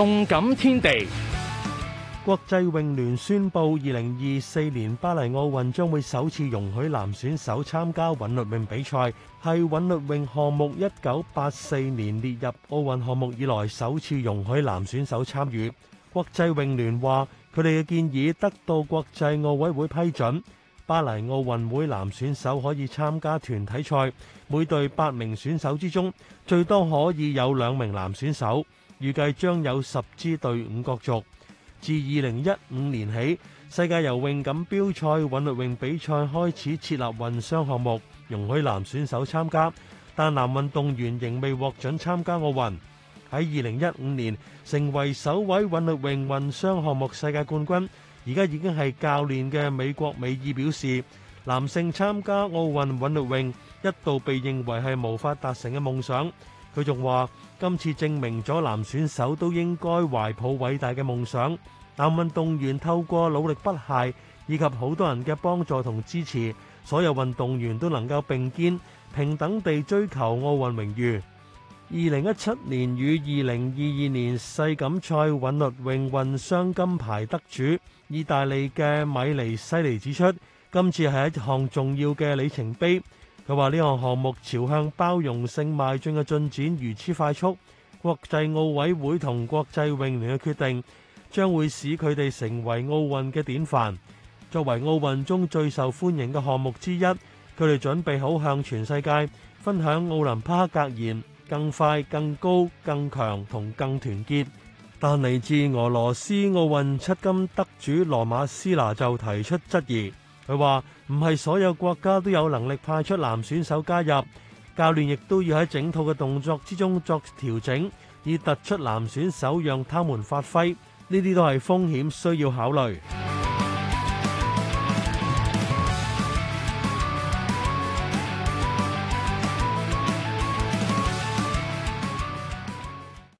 動感天地，國際泳聯宣佈，二零二四年巴黎奧運將會首次容許男選手參加韻律泳比賽，係韻律泳項目一九八四年列入奧運項目以來首次容許男選手參與。國際泳聯話，佢哋嘅建議得到國際奧委會批准，巴黎奧運會男選手可以參加團體賽，每隊八名選手之中，最多可以有兩名男選手。預計將有十支隊伍角逐。自二零一五年起，世界游泳錦標賽韻律泳比賽開始設立混雙項目，容許男選手參加，但男運動員仍未獲准參加奧運。喺二零一五年，成為首位韻律泳混雙項目世界冠軍。而家已經係教練嘅美國美爾表示，男性參加奧運韻律泳一度被認為係無法達成嘅夢想。佢仲話：今次證明咗男選手都應該懷抱偉大嘅夢想。男運動員透過努力不懈以及好多人嘅幫助同支持，所有運動員都能夠並肩，平等地追求奧運榮譽。二零一七年與二零二二年世錦賽韻律泳運雙金牌得主、意大利嘅米尼西尼指出：今次係一項重要嘅里程碑。佢話呢項項目朝向包容性邁進嘅進展如此快速，國際奧委會同國際泳聯嘅決定，將會使佢哋成為奧運嘅典範。作為奧運中最受歡迎嘅項目之一，佢哋準備好向全世界分享奧林匹克格言：更快、更高、更強同更團結。但嚟自俄羅斯奧運七金得主羅馬斯拿就提出質疑。佢話：唔係所有國家都有能力派出男選手加入，教練亦都要喺整套嘅動作之中作調整，以突出男選手，讓他們發揮。呢啲都係風險，需要考慮。